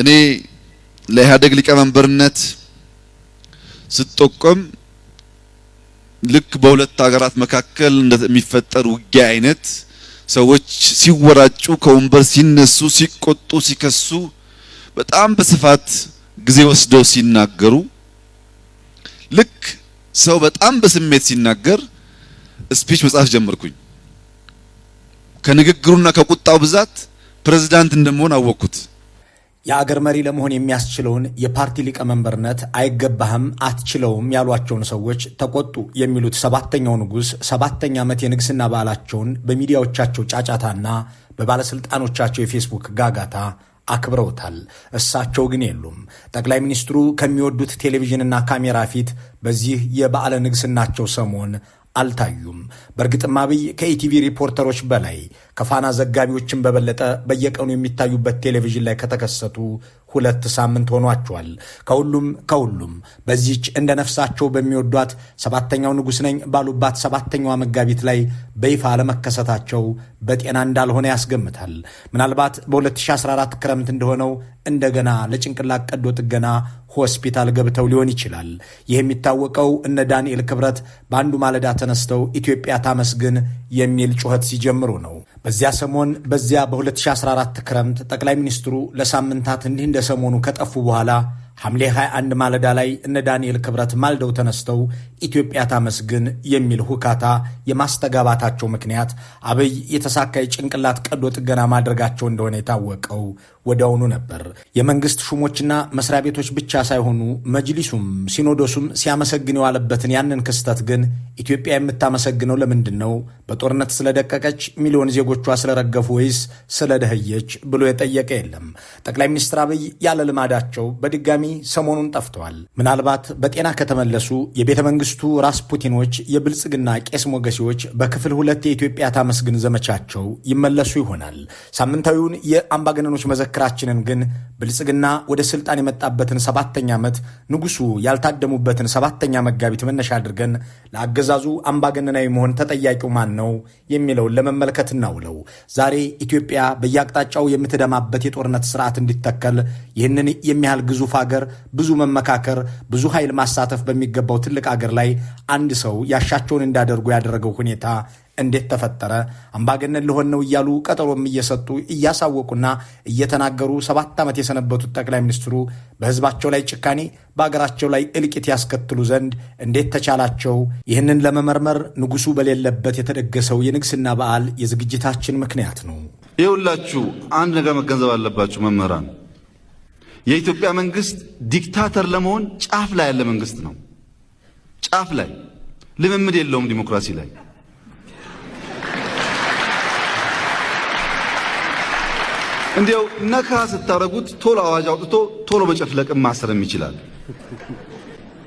እኔ ለኢህአዴግ ሊቀመንበርነት ስጠቆም ልክ በሁለት ሀገራት መካከል እንደሚፈጠር ውጊያ አይነት ሰዎች ሲወራጩ ከወንበር ሲነሱ ሲቆጡ ሲከሱ በጣም በስፋት ጊዜ ወስደው ሲናገሩ ልክ ሰው በጣም በስሜት ሲናገር ስፒች መጻፍ ጀመርኩኝ። ከንግግሩና ከቁጣው ብዛት ፕሬዝዳንት እንደመሆን አወቅኩት። የአገር መሪ ለመሆን የሚያስችለውን የፓርቲ ሊቀመንበርነት አይገባህም፣ አትችለውም ያሏቸውን ሰዎች ተቆጡ የሚሉት ሰባተኛው ንጉሥ ሰባተኛ ዓመት የንግሥና በዓላቸውን በሚዲያዎቻቸው ጫጫታና በባለሥልጣኖቻቸው የፌስቡክ ጋጋታ አክብረውታል። እሳቸው ግን የሉም። ጠቅላይ ሚኒስትሩ ከሚወዱት ቴሌቪዥንና ካሜራ ፊት በዚህ የበዓለ ንግሥናቸው ሰሞን አልታዩም። በእርግጥም አብይ ከኢቲቪ ሪፖርተሮች በላይ ከፋና ዘጋቢዎችን በበለጠ በየቀኑ የሚታዩበት ቴሌቪዥን ላይ ከተከሰቱ ሁለት ሳምንት ሆኗቸዋል። ከሁሉም ከሁሉም በዚች እንደ ነፍሳቸው በሚወዷት ሰባተኛው ንጉሥ ነኝ ባሉባት ሰባተኛዋ መጋቢት ላይ በይፋ ለመከሰታቸው በጤና እንዳልሆነ ያስገምታል። ምናልባት በ2014 ክረምት እንደሆነው እንደገና ለጭንቅላት ቀዶ ጥገና ሆስፒታል ገብተው ሊሆን ይችላል። ይህ የሚታወቀው እነ ዳንኤል ክብረት በአንዱ ማለዳ ተነስተው ኢትዮጵያ ታመስግን የሚል ጩኸት ሲጀምሩ ነው። በዚያ ሰሞን በዚያ በ2014 ክረምት ጠቅላይ ሚኒስትሩ ለሳምንታት እንዲህ እንደ ሰሞኑ ከጠፉ በኋላ ሐምሌ 21 ማለዳ ላይ እነ ዳንኤል ክብረት ማልደው ተነስተው ኢትዮጵያ ታመስግን የሚል ሁካታ የማስተጋባታቸው ምክንያት አብይ የተሳካ የጭንቅላት ቀዶ ጥገና ማድረጋቸው እንደሆነ የታወቀው ወዲያውኑ ነበር። የመንግስት ሹሞችና መስሪያ ቤቶች ብቻ ሳይሆኑ መጅሊሱም ሲኖዶሱም ሲያመሰግን የዋለበትን ያንን ክስተት ግን ኢትዮጵያ የምታመሰግነው ለምንድን ነው? በጦርነት ስለደቀቀች፣ ሚሊዮን ዜጎቿ ስለረገፉ ወይስ ስለደህየች ብሎ የጠየቀ የለም። ጠቅላይ ሚኒስትር አብይ ያለ ልማዳቸው በድጋሚ ተሸካሚ ሰሞኑን ጠፍተዋል። ምናልባት በጤና ከተመለሱ የቤተ መንግስቱ ፑቲኖች የብልጽግና ቄስ ሞገሴዎች በክፍል ሁለት የኢትዮጵያ ታመስግን ዘመቻቸው ይመለሱ ይሆናል። ሳምንታዊውን የአምባገነኖች መዘክራችንን ግን ብልጽግና ወደ ስልጣን የመጣበትን ሰባተኛ ዓመት ንጉሱ ያልታደሙበትን ሰባተኛ መጋቢት መነሻ አድርገን ለአገዛዙ አምባገነናዊ መሆን ተጠያቂው ማን ነው የሚለውን ለመመልከት እናውለው። ዛሬ ኢትዮጵያ በየአቅጣጫው የምትደማበት የጦርነት ስርዓት እንዲተከል ይህንን የሚያህል ግዙፍ ሀገር ብዙ መመካከር፣ ብዙ ኃይል ማሳተፍ በሚገባው ትልቅ ሀገር ላይ አንድ ሰው ያሻቸውን እንዳደርጉ ያደረገው ሁኔታ እንዴት ተፈጠረ? አምባገነን ልሆን ነው እያሉ ቀጠሮም እየሰጡ እያሳወቁና እየተናገሩ ሰባት ዓመት የሰነበቱት ጠቅላይ ሚኒስትሩ በህዝባቸው ላይ ጭካኔ፣ በአገራቸው ላይ እልቂት ያስከትሉ ዘንድ እንዴት ተቻላቸው? ይህንን ለመመርመር ንጉሱ በሌለበት የተደገሰው የንግስና በዓል የዝግጅታችን ምክንያት ነው። ይህ አንድ ነገር መገንዘብ አለባችሁ መምህራን የኢትዮጵያ መንግስት ዲክታተር ለመሆን ጫፍ ላይ ያለ መንግስት ነው። ጫፍ ላይ ልምምድ የለውም ዲሞክራሲ ላይ። እንዲያው ነካ ስታረጉት ቶሎ አዋጅ አውጥቶ ቶሎ በጨፍለቅም ማሰርም ይችላል።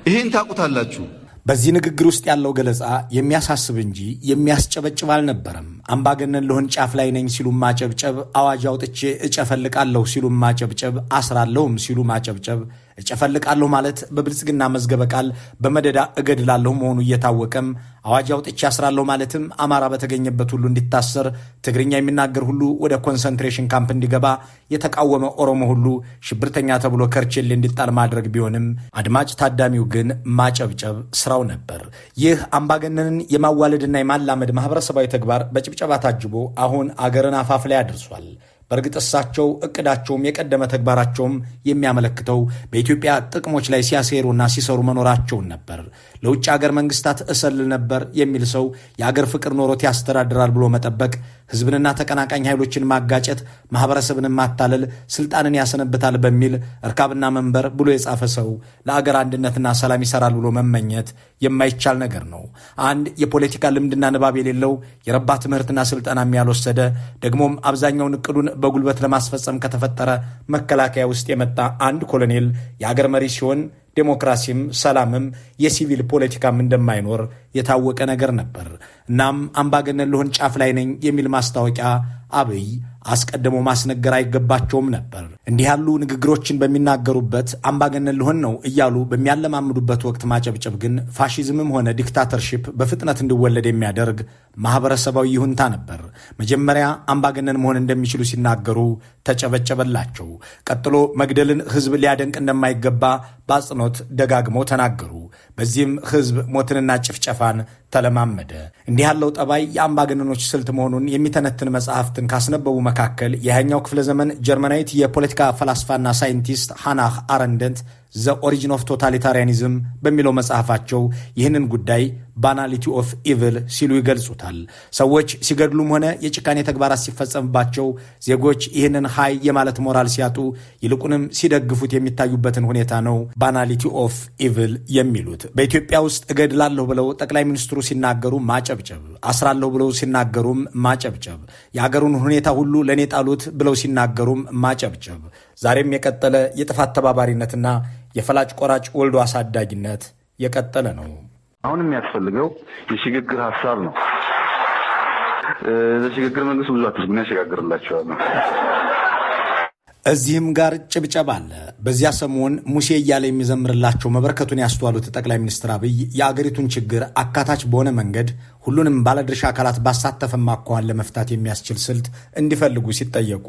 ይሄን ታውቁታላችሁ። በዚህ ንግግር ውስጥ ያለው ገለጻ የሚያሳስብ እንጂ የሚያስጨበጭብ አልነበረም። አምባገነን ልሆን ጫፍ ላይ ነኝ ሲሉ ማጨብጨብ፣ አዋጅ አውጥቼ እጨፈልቃለሁ ሲሉ ማጨብጨብ፣ አስራለሁም ሲሉ ማጨብጨብ እጨፈልቃለሁ ማለት በብልጽግና መዝገበ ቃል በመደዳ እገድላለሁ መሆኑ እየታወቀም አዋጅ አውጥቼ አስራለሁ ማለትም አማራ በተገኘበት ሁሉ እንዲታሰር፣ ትግርኛ የሚናገር ሁሉ ወደ ኮንሰንትሬሽን ካምፕ እንዲገባ፣ የተቃወመ ኦሮሞ ሁሉ ሽብርተኛ ተብሎ ከርቼሌ እንዲጣል ማድረግ ቢሆንም አድማጭ ታዳሚው ግን ማጨብጨብ ስራው ነበር። ይህ አምባገነንን የማዋለድና የማላመድ ማህበረሰባዊ ተግባር በጭብጨባ ታጅቦ አሁን አገርን አፋፍ ላይ አድርሷል። በእርግጥ እሳቸው እቅዳቸውም የቀደመ ተግባራቸውም የሚያመለክተው በኢትዮጵያ ጥቅሞች ላይ ሲያሴሩና ሲሰሩ መኖራቸውን ነበር። ለውጭ አገር መንግስታት እሰልል ነበር የሚል ሰው የአገር ፍቅር ኖሮት ያስተዳድራል ብሎ መጠበቅ ህዝብንና ተቀናቃኝ ኃይሎችን ማጋጨት፣ ማህበረሰብን ማታለል ስልጣንን ያሰነብታል በሚል እርካብና መንበር ብሎ የጻፈ ሰው ለአገር አንድነትና ሰላም ይሰራል ብሎ መመኘት የማይቻል ነገር ነው። አንድ የፖለቲካ ልምድና ንባብ የሌለው የረባ ትምህርትና ስልጠናም ያልወሰደ ደግሞም አብዛኛውን እቅዱን በጉልበት ለማስፈጸም ከተፈጠረ መከላከያ ውስጥ የመጣ አንድ ኮሎኔል የአገር መሪ ሲሆን ዴሞክራሲም ሰላምም የሲቪል ፖለቲካም እንደማይኖር የታወቀ ነገር ነበር። እናም አምባገነን ልሆን ጫፍ ላይ ነኝ የሚል ማስታወቂያ አብይ አስቀድሞ ማስነገር አይገባቸውም ነበር። እንዲህ ያሉ ንግግሮችን በሚናገሩበት አምባገነን ልሆን ነው እያሉ በሚያለማምዱበት ወቅት ማጨብጨብ ግን ፋሺዝምም ሆነ ዲክታተርሺፕ በፍጥነት እንዲወለድ የሚያደርግ ማህበረሰባዊ ይሁንታ ነበር። መጀመሪያ አምባገነን መሆን እንደሚችሉ ሲናገሩ ተጨበጨበላቸው። ቀጥሎ መግደልን ህዝብ ሊያደንቅ እንደማይገባ በአጽንኦት ደጋግመው ተናገሩ። በዚህም ህዝብ ሞትንና ጭፍጨፋን ተለማመደ። እንዲህ ያለው ጠባይ የአምባገነኖች ስልት መሆኑን የሚተነትን መጽሐፍትን ካስነበቡ መካከል የሃያኛው ክፍለ ዘመን ጀርመናዊት የፖለቲካ ፈላስፋና ሳይንቲስት ሃናህ አረንደንት ዘ ኦሪጂን ኦፍ ቶታሊታሪያኒዝም በሚለው መጽሐፋቸው ይህንን ጉዳይ ባናሊቲ ኦፍ ኢቭል ሲሉ ይገልጹታል። ሰዎች ሲገድሉም ሆነ የጭካኔ ተግባራት ሲፈጸምባቸው ዜጎች ይህንን ሀይ የማለት ሞራል ሲያጡ ይልቁንም ሲደግፉት የሚታዩበትን ሁኔታ ነው ባናሊቲ ኦፍ ኢቭል የሚሉት። በኢትዮጵያ ውስጥ እገድላለሁ ብለው ጠቅላይ ሚኒስትሩ ሲናገሩ ማጨብጨብ፣ አስራለሁ ብለው ሲናገሩም ማጨብጨብ፣ የአገሩን ሁኔታ ሁሉ ለእኔ ጣሉት ብለው ሲናገሩም ማጨብጨብ፣ ዛሬም የቀጠለ የጥፋት ተባባሪነትና የፈላጭ ቆራጭ ወልዶ አሳዳጊነት የቀጠለ ነው። አሁን የሚያስፈልገው የሽግግር ሀሳብ ነው። ለሽግግር መንግስት ብዙ አትስጉን ያሸጋግርላቸዋል። እዚህም ጋር ጭብጨባ አለ። በዚያ ሰሞን ሙሴ እያለ የሚዘምርላቸው መበረከቱን ያስተዋሉት ጠቅላይ ሚኒስትር አብይ የአገሪቱን ችግር አካታች በሆነ መንገድ ሁሉንም ባለድርሻ አካላት ባሳተፈ ማኳኋን ለመፍታት የሚያስችል ስልት እንዲፈልጉ ሲጠየቁ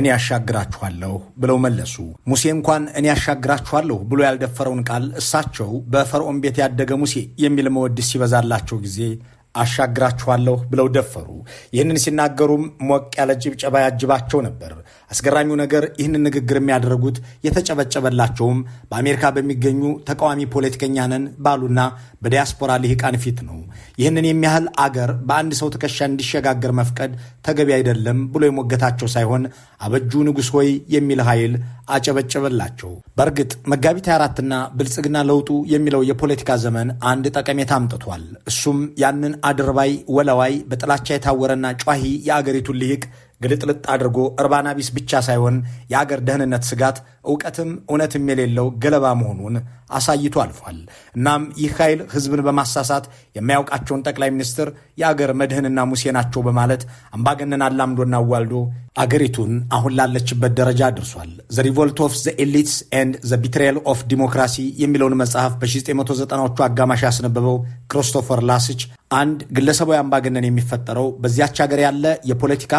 እኔ ያሻግራችኋለሁ ብለው መለሱ። ሙሴ እንኳን እኔ ያሻግራችኋለሁ ብሎ ያልደፈረውን ቃል እሳቸው በፈርዖን ቤት ያደገ ሙሴ የሚል መወድስ ሲበዛላቸው ጊዜ አሻግራችኋለሁ ብለው ደፈሩ። ይህንን ሲናገሩም ሞቅ ያለ ጭብጨባ ያጅባቸው ነበር። አስገራሚው ነገር ይህንን ንግግር የሚያደርጉት የተጨበጨበላቸውም በአሜሪካ በሚገኙ ተቃዋሚ ፖለቲከኛ ነን ባሉና በዲያስፖራ ልሂቃን ፊት ነው። ይህንን የሚያህል አገር በአንድ ሰው ትከሻ እንዲሸጋገር መፍቀድ ተገቢ አይደለም ብሎ የሞገታቸው ሳይሆን አበጁ ንጉሥ ሆይ የሚል ኃይል አጨበጨበላቸው። በእርግጥ መጋቢት 24ና ብልጽግና ለውጡ የሚለው የፖለቲካ ዘመን አንድ ጠቀሜታ አምጥቷል። እሱም ያንን አድርባይ ወለዋይ በጥላቻ የታወረና ጯሂ የአገሪቱን ልሂቅ ግልጥልጥ አድርጎ እርባና ቢስ ብቻ ሳይሆን የአገር ደህንነት ስጋት እውቀትም እውነትም የሌለው ገለባ መሆኑን አሳይቶ አልፏል። እናም ይህ ኃይል ህዝብን በማሳሳት የሚያውቃቸውን ጠቅላይ ሚኒስትር የአገር መድህንና ሙሴ ናቸው በማለት አምባገነን አላምዶና አዋልዶ አገሪቱን አሁን ላለችበት ደረጃ አድርሷል። ዘ ሪቮልት ኦፍ ዘ ኤሊትስ ኤንድ ዘ ቢትሬል ኦፍ ዲሞክራሲ የሚለውን መጽሐፍ በ1990ዎቹ አጋማሽ ያስነበበው ክሪስቶፈር ላስች አንድ ግለሰባዊ አምባገነን የሚፈጠረው በዚያች ሀገር ያለ የፖለቲካ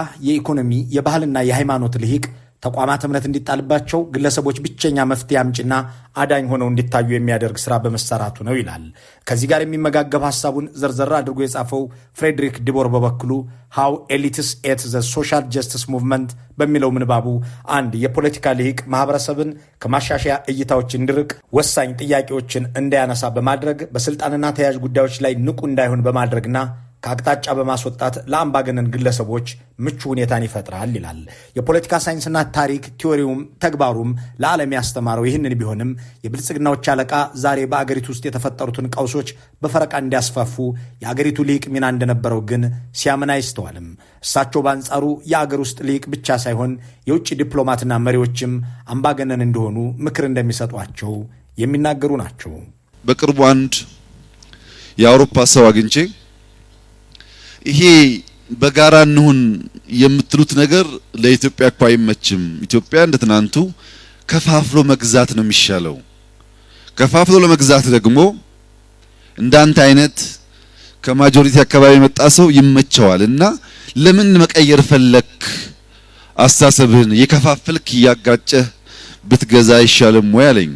የኢኮኖሚ የባህልና የሃይማኖት ልሂቅ ተቋማት እምነት እንዲጣልባቸው ግለሰቦች ብቸኛ መፍትሄ አምጪና አዳኝ ሆነው እንዲታዩ የሚያደርግ ስራ በመሰራቱ ነው ይላል። ከዚህ ጋር የሚመጋገብ ሀሳቡን ዘርዘር አድርጎ የጻፈው ፍሬድሪክ ዲቦር በበኩሉ ሃው ኤሊትስ ኤት ዘ ሶሻል ጀስቲስ ሙቭመንት በሚለው ምንባቡ አንድ የፖለቲካ ልሂቅ ማህበረሰብን ከማሻሻያ እይታዎች እንዲርቅ፣ ወሳኝ ጥያቄዎችን እንዳያነሳ በማድረግ በስልጣንና ተያያዥ ጉዳዮች ላይ ንቁ እንዳይሆን በማድረግና ከአቅጣጫ በማስወጣት ለአምባገነን ግለሰቦች ምቹ ሁኔታን ይፈጥራል ይላል። የፖለቲካ ሳይንስና ታሪክ ቲዎሪውም ተግባሩም ለዓለም ያስተማረው ይህንን ቢሆንም የብልጽግናዎች አለቃ ዛሬ በአገሪቱ ውስጥ የተፈጠሩትን ቀውሶች በፈረቃ እንዲያስፋፉ የአገሪቱ ሊቅ ሚና እንደነበረው ግን ሲያምን አይስተዋልም። እሳቸው በአንጻሩ የአገር ውስጥ ሊቅ ብቻ ሳይሆን የውጭ ዲፕሎማትና መሪዎችም አምባገነን እንደሆኑ ምክር እንደሚሰጧቸው የሚናገሩ ናቸው። በቅርቡ አንድ የአውሮፓ ሰው አግኝቼ ይሄ በጋራ እንሁን የምትሉት ነገር ለኢትዮጵያ እኮ አይመችም። ኢትዮጵያ እንደ ትናንቱ ከፋፍሎ መግዛት ነው የሚሻለው። ከፋፍሎ ለመግዛት ደግሞ እንዳንተ አይነት ከማጆሪቲ አካባቢ የመጣ ሰው ይመቸዋል። እና ለምን መቀየር ፈለክ? አስተሳሰብህን የከፋፈልክ እያጋጨህ ብትገዛ አይሻልም ወይ አለኝ።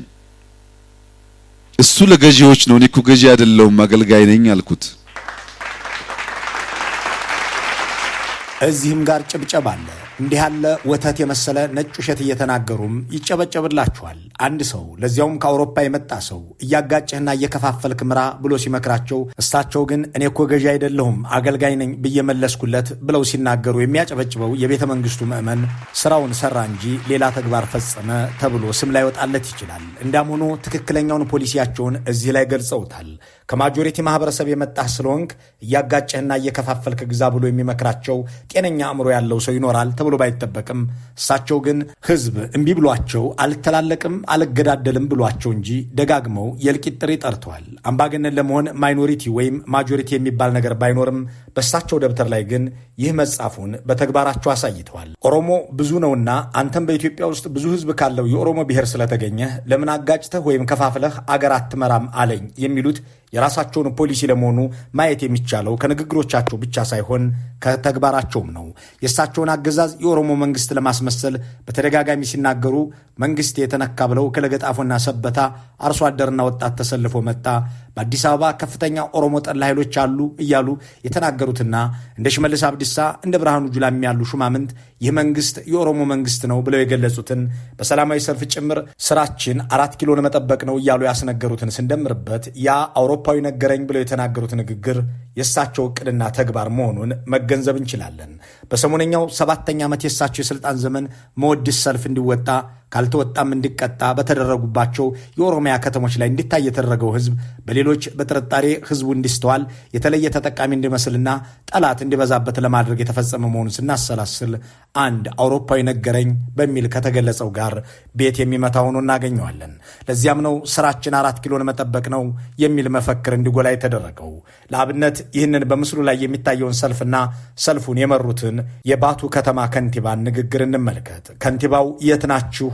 እሱ ለገዢዎች ነው፣ እኔ እኮ ገዢ አይደለሁም አገልጋይ ነኝ አልኩት። እዚህም ጋር ጭብጨባ አለ። እንዲህ ያለ ወተት የመሰለ ነጭ ውሸት እየተናገሩም ይጨበጨብላችኋል። አንድ ሰው ለዚያውም ከአውሮፓ የመጣ ሰው እያጋጨህና እየከፋፈልክ ምራ ብሎ ሲመክራቸው እሳቸው ግን እኔ እኮ ገዢ አይደለሁም አገልጋይ ነኝ ብዬ መለስኩለት ብለው ሲናገሩ የሚያጨበጭበው የቤተ መንግስቱ ምዕመን ስራውን ሰራ እንጂ ሌላ ተግባር ፈጸመ ተብሎ ስም ላይወጣለት ይችላል። እንዳም ሆኖ ትክክለኛውን ፖሊሲያቸውን እዚህ ላይ ገልጸውታል። ከማጆሪቲ ማህበረሰብ የመጣህ ስለሆንክ እያጋጨህና እየከፋፈልክ ግዛ ብሎ የሚመክራቸው ጤነኛ አእምሮ ያለው ሰው ይኖራል ተብሎ ባይጠበቅም እሳቸው ግን ህዝብ እምቢ ብሏቸው አልተላለቅም፣ አልገዳደልም ብሏቸው እንጂ ደጋግመው የእልቂት ጥሪ ጠርተዋል። አምባገነን ለመሆን ማይኖሪቲ ወይም ማጆሪቲ የሚባል ነገር ባይኖርም በእሳቸው ደብተር ላይ ግን ይህ መጻፉን በተግባራቸው አሳይተዋል። ኦሮሞ ብዙ ነውና አንተም በኢትዮጵያ ውስጥ ብዙ ህዝብ ካለው የኦሮሞ ብሔር ስለተገኘህ ለምን አጋጭተህ ወይም ከፋፍለህ አገር አትመራም አለኝ የሚሉት የራሳቸውን ፖሊሲ ለመሆኑ ማየት የሚቻለው ከንግግሮቻቸው ብቻ ሳይሆን ከተግባራቸውም ነው። የእሳቸውን አገዛዝ የኦሮሞ መንግስት ለማስመሰል በተደጋጋሚ ሲናገሩ መንግስት የተነካ ብለው ከለገጣፎና ሰበታ አርሶ አደርና ወጣት ተሰልፎ መጣ፣ በአዲስ አበባ ከፍተኛ ኦሮሞ ጠላ ኃይሎች አሉ እያሉ የተናገሩትና እንደ ሽመልስ አብዲሳ እንደ ብርሃኑ ጁላም ያሉ ሹማምንት ይህ መንግስት የኦሮሞ መንግስት ነው ብለው የገለጹትን በሰላማዊ ሰልፍ ጭምር ስራችን አራት ኪሎን መጠበቅ ነው እያሉ ያስነገሩትን ስንደምርበት ያ አውሮ አውሮፓዊ ነገረኝ ብለው የተናገሩት ንግግር የእሳቸው እቅድና ተግባር መሆኑን መገንዘብ እንችላለን። በሰሞነኛው ሰባተኛ ዓመት የእሳቸው የሥልጣን ዘመን መወድስ ሰልፍ እንዲወጣ ካልተወጣም እንዲቀጣ በተደረጉባቸው የኦሮሚያ ከተሞች ላይ እንዲታይ የተደረገው ህዝብ በሌሎች በጥርጣሬ ህዝቡ እንዲስተዋል የተለየ ተጠቃሚ እንዲመስልና ጠላት እንዲበዛበት ለማድረግ የተፈጸመ መሆኑን ስናሰላስል አንድ አውሮፓዊ ነገረኝ በሚል ከተገለጸው ጋር ቤት የሚመታ ሆኖ እናገኘዋለን። ለዚያም ነው ስራችን አራት ኪሎን መጠበቅ ነው የሚል መፈክር እንዲጎላ የተደረገው። ለአብነት ይህንን በምስሉ ላይ የሚታየውን ሰልፍና ሰልፉን የመሩትን የባቱ ከተማ ከንቲባን ንግግር እንመልከት። ከንቲባው የት ናችሁ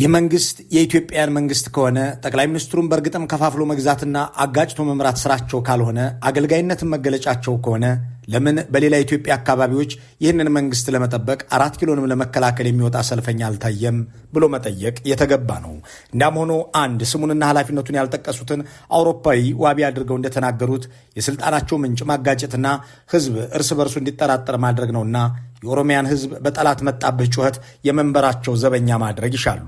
ይህ መንግስት የኢትዮጵያን መንግስት ከሆነ ጠቅላይ ሚኒስትሩን በእርግጥም ከፋፍሎ መግዛትና አጋጭቶ መምራት ስራቸው ካልሆነ አገልጋይነትን መገለጫቸው ከሆነ ለምን በሌላ የኢትዮጵያ አካባቢዎች ይህንን መንግስት ለመጠበቅ አራት ኪሎንም ለመከላከል የሚወጣ ሰልፈኛ አልታየም ብሎ መጠየቅ የተገባ ነው። እንዳም ሆኖ አንድ ስሙንና ኃላፊነቱን ያልጠቀሱትን አውሮፓዊ ዋቢ አድርገው እንደተናገሩት የስልጣናቸው ምንጭ ማጋጨትና ህዝብ እርስ በርሱ እንዲጠራጠር ማድረግ ነውና የኦሮሚያን ህዝብ በጠላት መጣበት ጩኸት የመንበራቸው ዘበኛ ማድረግ ይሻሉ።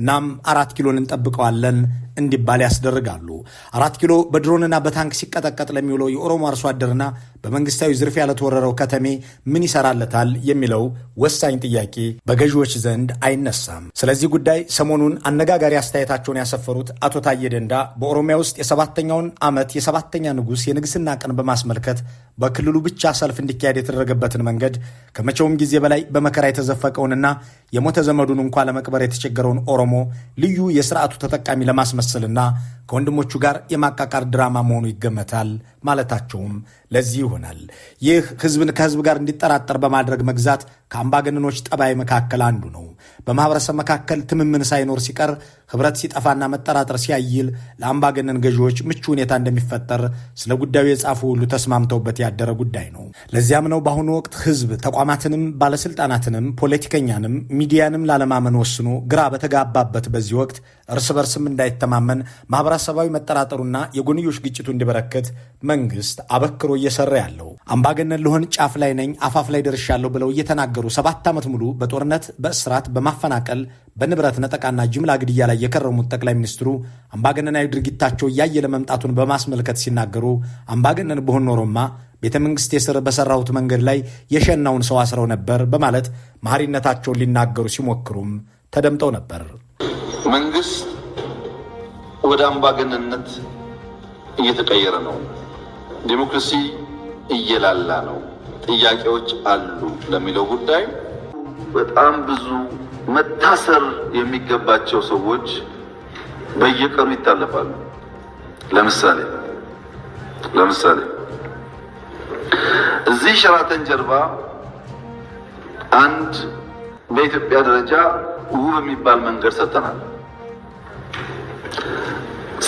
እናም አራት ኪሎን እንጠብቀዋለን እንዲባል ያስደርጋሉ። አራት ኪሎ በድሮንና በታንክ ሲቀጠቀጥ ለሚውለው የኦሮሞ አርሶ አደርና በመንግስታዊ ዝርፊያ ለተወረረው ከተሜ ምን ይሰራለታል የሚለው ወሳኝ ጥያቄ በገዢዎች ዘንድ አይነሳም። ስለዚህ ጉዳይ ሰሞኑን አነጋጋሪ አስተያየታቸውን ያሰፈሩት አቶ ታዬ ደንዳ በኦሮሚያ ውስጥ የሰባተኛውን ዓመት የሰባተኛ ንጉሥ የንግስና ቀን በማስመልከት በክልሉ ብቻ ሰልፍ እንዲካሄድ የተደረገበትን መንገድ ከመቼውም ጊዜ በላይ በመከራ የተዘፈቀውንና የሞተ ዘመዱን እንኳ ለመቅበር የተቸገረውን ኦሮሞ ልዩ የስርዓቱ ተጠቃሚ ለማስመ የሚያስመስልና ከወንድሞቹ ጋር የማቃቃር ድራማ መሆኑ ይገመታል ማለታቸውም ለዚህ ይሆናል። ይህ ህዝብን ከህዝብ ጋር እንዲጠራጠር በማድረግ መግዛት ከአምባገነኖች ጠባይ መካከል አንዱ ነው። በማህበረሰብ መካከል ትምምን ሳይኖር ሲቀር ህብረት ሲጠፋና መጠራጠር ሲያይል ለአምባገነን ገዢዎች ምቹ ሁኔታ እንደሚፈጠር ስለ ጉዳዩ የጻፉ ሁሉ ተስማምተውበት ያደረ ጉዳይ ነው። ለዚያም ነው በአሁኑ ወቅት ህዝብ ተቋማትንም ባለስልጣናትንም ፖለቲከኛንም ሚዲያንም ላለማመን ወስኖ ግራ በተጋባበት በዚህ ወቅት እርስ በርስም እንዳይተማ እንዲተማመን ማህበረሰባዊ መጠራጠሩና የጎንዮሽ ግጭቱ እንዲበረከት መንግስት አበክሮ እየሰራ ያለው አምባገነን ልሆን ጫፍ ላይ ነኝ አፋፍ ላይ ደርሻለሁ ብለው እየተናገሩ ሰባት ዓመት ሙሉ በጦርነት በእስራት በማፈናቀል በንብረት ነጠቃና ጅምላ ግድያ ላይ የከረሙት ጠቅላይ ሚኒስትሩ አምባገነናዊ ድርጊታቸው እያየለ መምጣቱን በማስመልከት ሲናገሩ አምባገነን ብሆን ኖሮማ ቤተ መንግስት የስር በሰራሁት መንገድ ላይ የሸናውን ሰው አስረው ነበር በማለት መሐሪነታቸውን ሊናገሩ ሲሞክሩም ተደምጠው ነበር። መንግስት ወደ አምባገነንነት እየተቀየረ ነው። ዴሞክራሲ እየላላ ነው። ጥያቄዎች አሉ ለሚለው ጉዳይ በጣም ብዙ መታሰር የሚገባቸው ሰዎች በየቀኑ ይታለፋሉ። ለምሳሌ ለምሳሌ እዚህ ሸራተን ጀርባ አንድ በኢትዮጵያ ደረጃ ውብ የሚባል መንገድ ሰጥተናል።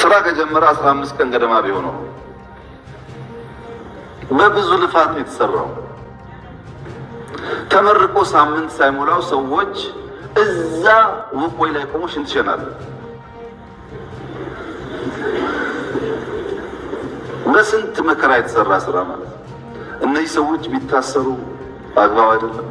ስራ ከጀመረ 15 ቀን ገደማ ቢሆነው በብዙ ልፋት የተሰራው። ተመርቆ ሳምንት ሳይሞላው ሰዎች እዛ ውቆይ ላይ ቆሞ ሽንት ይሸናል። በስንት መከራ የተሰራ ስራ ማለት እነዚህ ሰዎች ቢታሰሩ አግባብ አይደለም።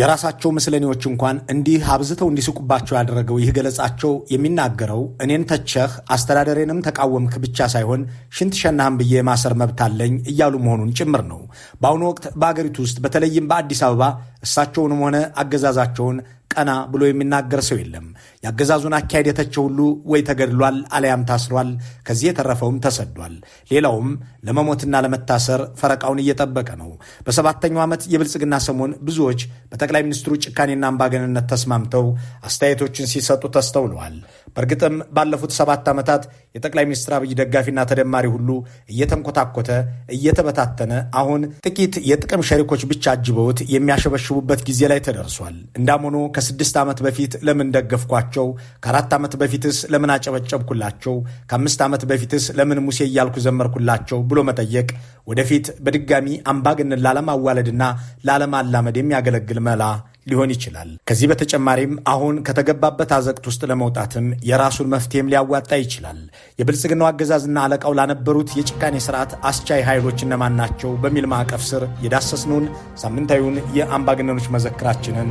የራሳቸው ምስለኔዎች እንኳን እንዲህ አብዝተው እንዲስቁባቸው ያደረገው ይህ ገለጻቸው የሚናገረው እኔን ተቸህ አስተዳደሬንም ተቃወምክ ብቻ ሳይሆን ሽንት ሸናህን ብዬ ማሰር መብት አለኝ እያሉ መሆኑን ጭምር ነው። በአሁኑ ወቅት በአገሪቱ ውስጥ በተለይም በአዲስ አበባ እሳቸውንም ሆነ አገዛዛቸውን ቀና ብሎ የሚናገር ሰው የለም። የአገዛዙን አካሄድ የተቸው ሁሉ ወይ ተገድሏል አለያም ታስሯል። ከዚህ የተረፈውም ተሰዷል። ሌላውም ለመሞትና ለመታሰር ፈረቃውን እየጠበቀ ነው። በሰባተኛው ዓመት የብልጽግና ሰሞን ብዙዎች በጠቅላይ ሚኒስትሩ ጭካኔና አምባገንነት ተስማምተው አስተያየቶችን ሲሰጡ ተስተውለዋል። በእርግጥም ባለፉት ሰባት ዓመታት የጠቅላይ ሚኒስትር አብይ ደጋፊና ተደማሪ ሁሉ እየተንኮታኮተ እየተበታተነ አሁን ጥቂት የጥቅም ሸሪኮች ብቻ አጅበውት የሚያሸበሽቡበት ጊዜ ላይ ተደርሷል። እንዳም ሆኖ ከስድስት ዓመት በፊት ለምን ደገፍኳቸው ናቸው? ከአራት ዓመት በፊትስ ለምን አጨበጨብኩላቸው? ከአምስት ዓመት በፊትስ ለምን ሙሴ እያልኩ ዘመርኩላቸው ብሎ መጠየቅ ወደፊት በድጋሚ አምባገነን ላለማዋለድና ላለማላመድ የሚያገለግል መላ ሊሆን ይችላል። ከዚህ በተጨማሪም አሁን ከተገባበት አዘቅት ውስጥ ለመውጣትም የራሱን መፍትሄም ሊያዋጣ ይችላል። የብልጽግናው አገዛዝና አለቃው ላነበሩት የጭካኔ ስርዓት አስቻይ ኃይሎች እነማን ናቸው በሚል ማዕቀፍ ስር የዳሰስነውን ሳምንታዊውን የአምባገነኖች መዘክራችንን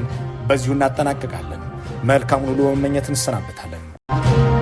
በዚሁ እናጠናቅቃለን። መልካም ሁሉ በመመኘት እንሰናበታለን።